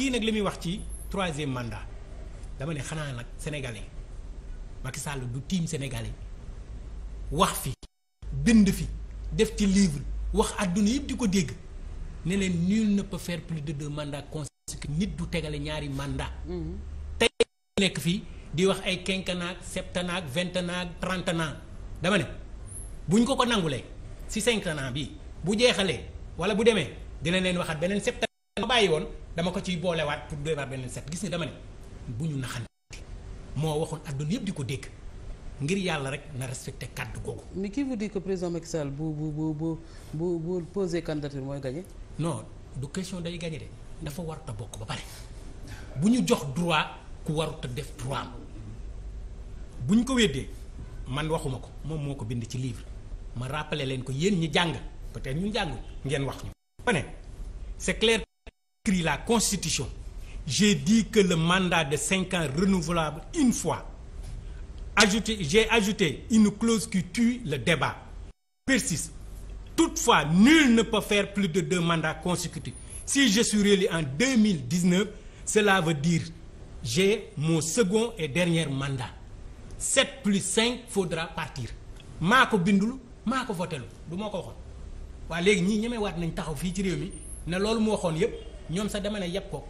kii nag li muy wax ci troisième mandat dama ne xanaa nag sénégalais Macky Sall du tiim sénégalais wax fi bind fi def ci livre wax àdduna yëpp di ko dégg ne leen nul ne peut faire plus de deux mandats nit du tegale ñaari mandat tey nekk fii di wax ay quinquennat septennat vingtennat trentennat dama ne buñ ko ko nangulee si cinquennat bi bu jeexalee wala bu demee dina leen waxaat beneen septennat bàyyi woon dama ko ciy boolewaat pour doy waar benn set gis ne dama ne bu ñu naxante moo waxoon àdduna yëpp di ko dégg ngir yàlla rek na respecté kàddu googu. mais qui vous dit que président Macky Sall bu bu bu bu bu bu posé candidature mooy gagné. non du question day gagné de dafa warut a bokk ba pare bu ñu jox droit ku warut def droit am bu ñu ko weddee man waxuma ko moom moo ko bind ci livre ma rappelé leen ko yéen ñi jàng peut-être ñu jàng ngeen wax ñu. ne c'est clair. écrit la constitution j'ai dit que mandat de cinq ans renouvelable une fois ajouté j'ai ajouté une clause qui tue le débat persiste toutefois nul ne peut faire plus de deux mandats consécutifs si je suis réélu en 2019 cela veut dire j'ai mon second et dernier mandat 7 plus cinq faudra partir maa ko bindul maa ko votelu du moo ko waxoon waaye léegi ñii ñemewaat nañ taxaw fii ci réew mi ne loolu moo waxoon yépp ñoom sax dama ne yàpp ko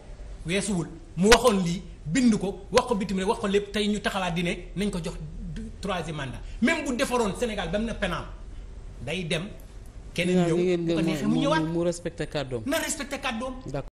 weesuwul mu waxoon lii bind ko wax ko bitim rek wax ko lépp tey ñu taxawaat di ne nañ ko jox troisième mandat même bu defaroon Sénégal ba mu ne pénal day dem. keneen ñëw bu ko neexee mu ñëwaat mu respecté kàddoom na respecté kàddoom.